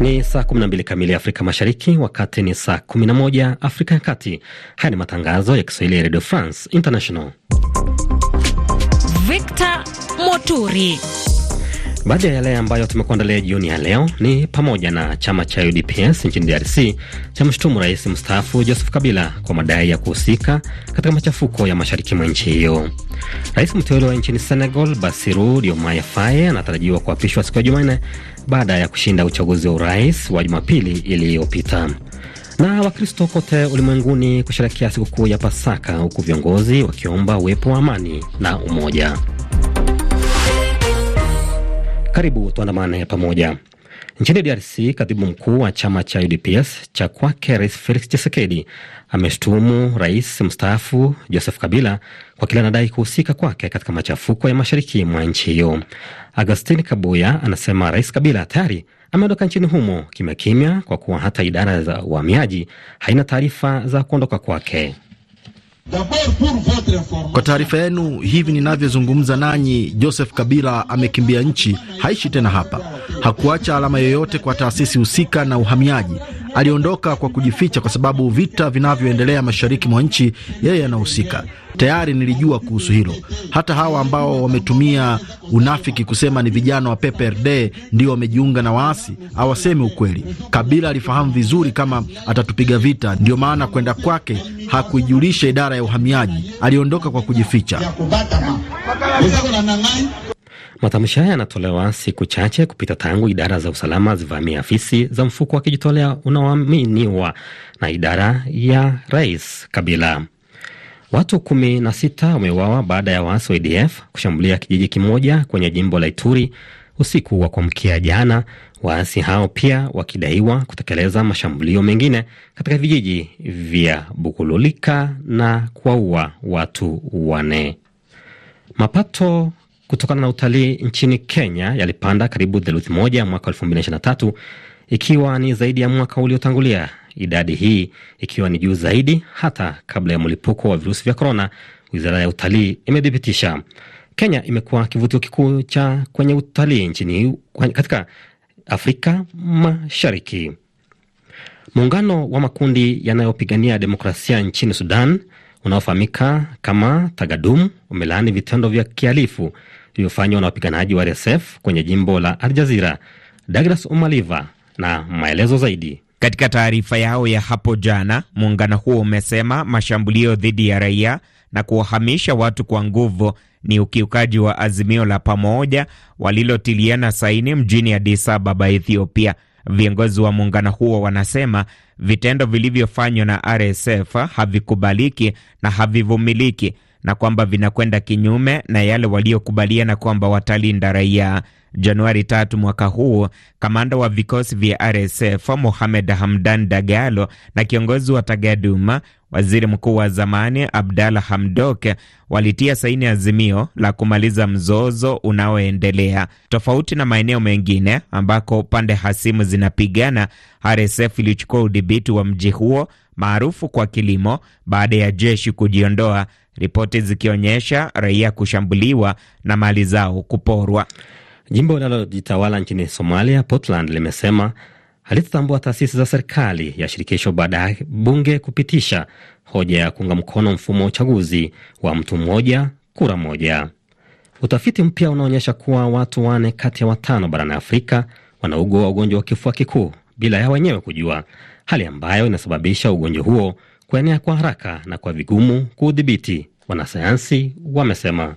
Ni saa 12 kamili Afrika Mashariki, wakati ni saa 11 Afrika ya Kati. Haya ni matangazo ya Kiswahili ya Radio France International. Victor Moturi. Baadhi ya yale ambayo tumekuandalia jioni ya leo ni pamoja na chama cha UDPS nchini DRC cha mshutumu rais mstaafu Joseph Kabila kwa madai ya kuhusika katika machafuko ya mashariki mwa nchi hiyo. Rais mteule wa nchini Senegal Basiru Diomaye Faye anatarajiwa kuapishwa siku ya Jumanne baada ya kushinda uchaguzi wa urais wa Jumapili iliyopita. Na Wakristo kote ulimwenguni kusherekea sikukuu ya Pasaka, huku viongozi wakiomba uwepo wa amani na umoja. Karibu tuandamane pamoja. Nchini DRC, katibu mkuu wa chama cha UDPS cha kwake Rais Felix Tshisekedi ameshtumu rais mstaafu Joseph Kabila kwa kile anadai kuhusika kwake katika machafuko ya mashariki mwa nchi hiyo. Agustin Kabuya anasema Rais Kabila tayari ameondoka nchini humo kimya kimya, kwa kuwa hata idara za uhamiaji haina taarifa za kuondoka kwake. Kwa taarifa yenu, hivi ninavyozungumza nanyi, Joseph Kabila amekimbia nchi, haishi tena hapa. Hakuacha alama yoyote kwa taasisi husika na uhamiaji Aliondoka kwa kujificha kwa sababu vita vinavyoendelea mashariki mwa nchi yeye anahusika. Tayari nilijua kuhusu hilo. Hata hawa ambao wametumia unafiki kusema ni vijana wa PPRD ndio wamejiunga na waasi hawasemi ukweli. Kabila alifahamu vizuri kama atatupiga vita, ndio maana kwenda kwake hakuijulisha idara ya uhamiaji. Aliondoka kwa kujificha. Matamshi haya yanatolewa siku chache kupita tangu idara za usalama zivamia afisi za mfuko wa kujitolea unaoaminiwa na idara ya Rais Kabila. Watu kumi na sita wameuawa baada ya waasi wa ADF kushambulia kijiji kimoja kwenye jimbo la Ituri usiku wa kuamkia jana, waasi hao pia wakidaiwa kutekeleza mashambulio mengine katika vijiji vya Bukululika na kuwaua watu wane. Mapato kutokana na utalii nchini Kenya yalipanda karibu theluthi moja mwaka tatu ikiwa ni zaidi ya mwaka uliotangulia, idadi hii ikiwa ni juu zaidi hata kabla ya mlipuko wa virusi vya korona, wizara ya utalii imethibitisha. Kenya imekuwa kivutio kikuu cha kwenye utalii nchini katika Afrika Mashariki. Muungano wa makundi yanayopigania demokrasia nchini Sudan unaofahamika kama Tagadum umelaani vitendo vya kihalifu iliyofanywa na wapiganaji wa RSF kwenye jimbo la Aljazira. Douglas Omaliva na maelezo zaidi. Katika taarifa yao ya hapo jana, muungano huo umesema mashambulio dhidi ya raia na kuwahamisha watu kwa nguvu ni ukiukaji wa azimio la pamoja walilotiliana saini mjini Addis Ababa, Ethiopia. Viongozi wa muungano huo wanasema vitendo vilivyofanywa na RSF havikubaliki na havivumiliki na kwamba vinakwenda kinyume na yale waliokubaliana kwamba watalinda raia. Januari tatu mwaka huu, kamanda wa vikosi vya RSF Mohamed Hamdan Dagalo na kiongozi wa Tagaduma waziri mkuu wa zamani Abdalla Hamdok walitia saini azimio la kumaliza mzozo unaoendelea. Tofauti na maeneo mengine ambako pande hasimu zinapigana, RSF ilichukua udhibiti wa mji huo maarufu kwa kilimo baada ya jeshi kujiondoa ripoti zikionyesha raia kushambuliwa na mali zao kuporwa. Jimbo linalojitawala nchini Somalia, Puntland, limesema halitatambua taasisi za serikali ya shirikisho baada ya bunge kupitisha hoja ya kuunga mkono mfumo wa uchaguzi wa mtu mmoja kura moja. Utafiti mpya unaonyesha kuwa watu wane kati ya watano barani Afrika wanaugua ugonjwa wa kifua kikuu bila ya wenyewe kujua, hali ambayo inasababisha ugonjwa huo kuenea kwa haraka na kwa vigumu kuudhibiti wanasayansi wamesema.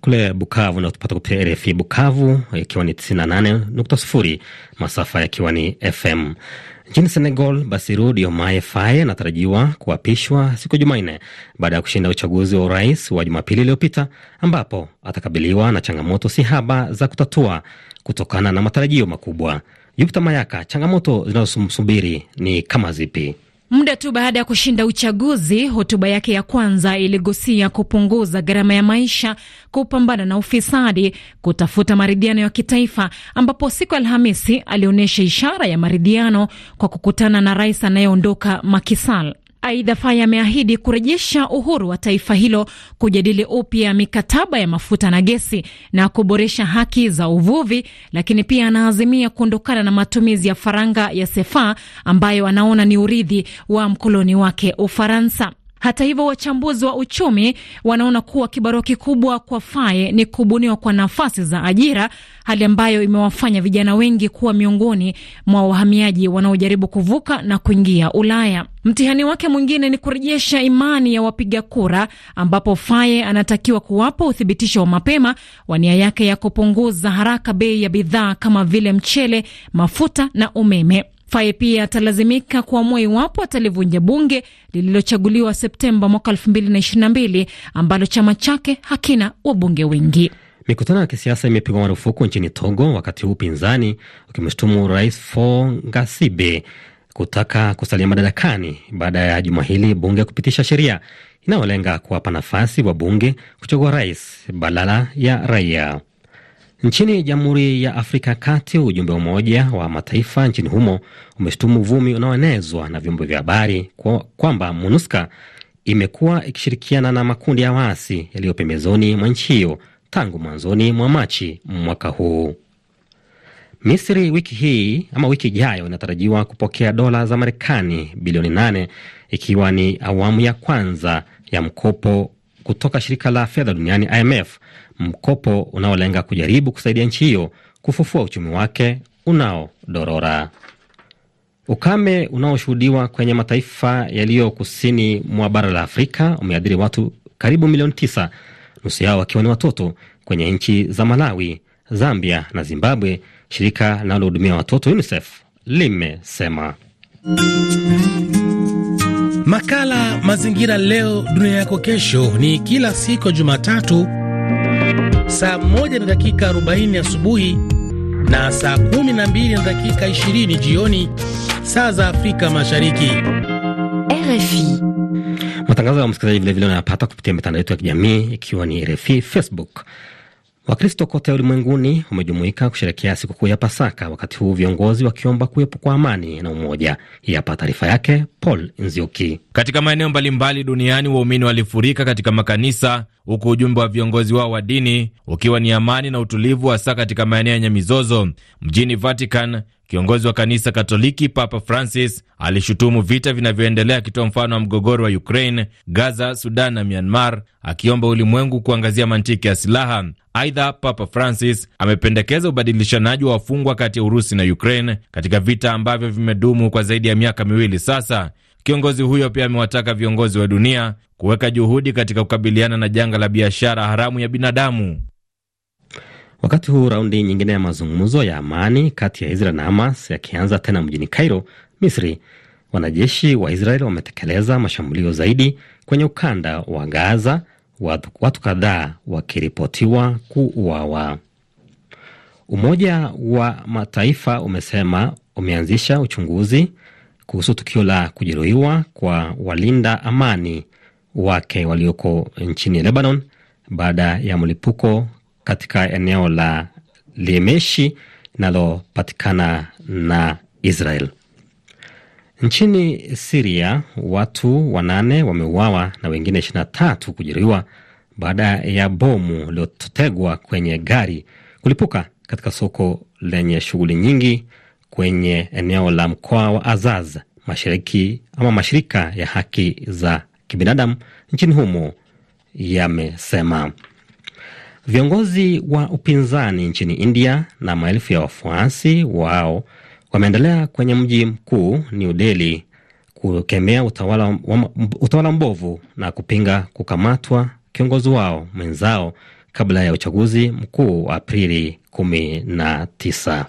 Kule Bukavu natupata kupitia RFI Bukavu ikiwa ni 98.0 masafa yakiwa ni FM. Nchini Senegal, Bassirou Diomaye Faye anatarajiwa kuapishwa siku ya Jumanne baada ya kushinda uchaguzi wa urais wa Jumapili iliyopita ambapo atakabiliwa na changamoto si haba za kutatua kutokana na matarajio makubwa. Jupita Mayaka, changamoto zinazomsubiri ni kama zipi? Muda tu baada ya kushinda uchaguzi, hotuba yake ya kwanza iligusia kupunguza gharama ya maisha, kupambana na ufisadi, kutafuta maridhiano ya kitaifa, ambapo siku ya Alhamisi alionyesha ishara ya maridhiano kwa kukutana na rais anayeondoka Makisal. Aidha, Faye ameahidi kurejesha uhuru wa taifa hilo, kujadili upya mikataba ya mafuta na gesi na kuboresha haki za uvuvi, lakini pia anaazimia kuondokana na matumizi ya faranga ya sefa ambayo anaona ni urithi wa mkoloni wake Ufaransa. Hata hivyo, wachambuzi wa uchumi wanaona kuwa kibarua kikubwa kwa Faye ni kubuniwa kwa nafasi za ajira, hali ambayo imewafanya vijana wengi kuwa miongoni mwa wahamiaji wanaojaribu kuvuka na kuingia Ulaya. Mtihani wake mwingine ni kurejesha imani ya wapiga kura, ambapo Faye anatakiwa kuwapa uthibitisho wa mapema wa nia yake ya kupunguza haraka bei ya bidhaa kama vile mchele, mafuta na umeme. Faye pia atalazimika kuamua iwapo atalivunja bunge lililochaguliwa Septemba mwaka 2022 ambalo chama chake hakina wabunge wengi. Mikutano ya kisiasa imepigwa marufuku nchini Togo, wakati huu upinzani ukimshutumu rais Faure ngasibe kutaka kusalia madarakani baada ya juma hili bunge kupitisha sheria inayolenga kuwapa nafasi wa bunge kuchagua rais badala ya raia. Nchini Jamhuri ya Afrika ya Kati, ujumbe wa Umoja wa Mataifa nchini humo umeshutumu uvumi unaoenezwa na vyombo vya habari kwamba kwa MONUSCA imekuwa ikishirikiana na makundi ya waasi yaliyo pembezoni mwa nchi hiyo tangu mwanzoni mwa Machi mwaka huu. Misri wiki hii ama wiki ijayo inatarajiwa kupokea dola za Marekani bilioni nane ikiwa ni awamu ya kwanza ya mkopo kutoka shirika la fedha duniani IMF, mkopo unaolenga kujaribu kusaidia nchi hiyo kufufua uchumi wake unaodorora. Ukame unaoshuhudiwa kwenye mataifa yaliyo kusini mwa bara la Afrika umeathiri watu karibu milioni tisa, nusu yao wakiwa ni watoto kwenye nchi za Malawi, Zambia na Zimbabwe shirika linalohudumia watoto UNICEF limesema. Makala Mazingira Leo Dunia Yako Kesho ni kila siku ya Jumatatu saa 1 na dakika 40 asubuhi na saa 12 na dakika 20 jioni saa za Afrika Mashariki. RFI. Matangazo ya msikilizaji vilevile unayapata kupitia mitandao yetu ya kijamii ikiwa ni RFI Facebook Wakristo kote ulimwenguni wamejumuika kusherekea sikukuu ya Pasaka, wakati huu viongozi wakiomba kuwepo kwa amani na umoja. Hii hapa taarifa yake Paul Nzioki. Katika maeneo mbalimbali duniani, waumini walifurika katika makanisa, huku ujumbe wa viongozi wao wa dini ukiwa ni amani na utulivu, hasa katika maeneo yenye mizozo. Mjini Vatican, kiongozi wa kanisa Katoliki Papa Francis alishutumu vita vinavyoendelea, akitoa mfano wa mgogoro wa Ukraine, Gaza, Sudan na Myanmar, akiomba ulimwengu kuangazia mantiki ya silaha. Aidha, Papa Francis amependekeza ubadilishanaji wa wafungwa kati ya Urusi na Ukraine katika vita ambavyo vimedumu kwa zaidi ya miaka miwili sasa. Kiongozi huyo pia amewataka viongozi wa dunia kuweka juhudi katika kukabiliana na janga la biashara haramu ya binadamu. Wakati huu raundi nyingine ya mazungumzo ya amani kati ya Israel na Hamas yakianza tena mjini Cairo, Misri, wanajeshi wa Israel wametekeleza mashambulio zaidi kwenye ukanda wa Gaza watu, watu kadhaa wakiripotiwa kuuawa. Umoja wa Mataifa umesema umeanzisha uchunguzi kuhusu tukio la kujeruhiwa kwa walinda amani wake walioko nchini Lebanon baada ya mlipuko katika eneo la Lemeshi linalopatikana na Israel. Nchini Siria watu wanane wameuawa na wengine 23 kujeruhiwa baada ya bomu liliotegwa kwenye gari kulipuka katika soko lenye shughuli nyingi kwenye eneo la mkoa wa Azaz mashariki. Ama mashirika ya haki za kibinadamu nchini humo yamesema. Viongozi wa upinzani nchini India na maelfu ya wafuasi wao wameendelea kwenye mji mkuu New Delhi kukemea utawala, utawala mbovu na kupinga kukamatwa kiongozi wao mwenzao kabla ya uchaguzi mkuu wa Aprili 19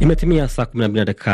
Imetimia saa 12 dakika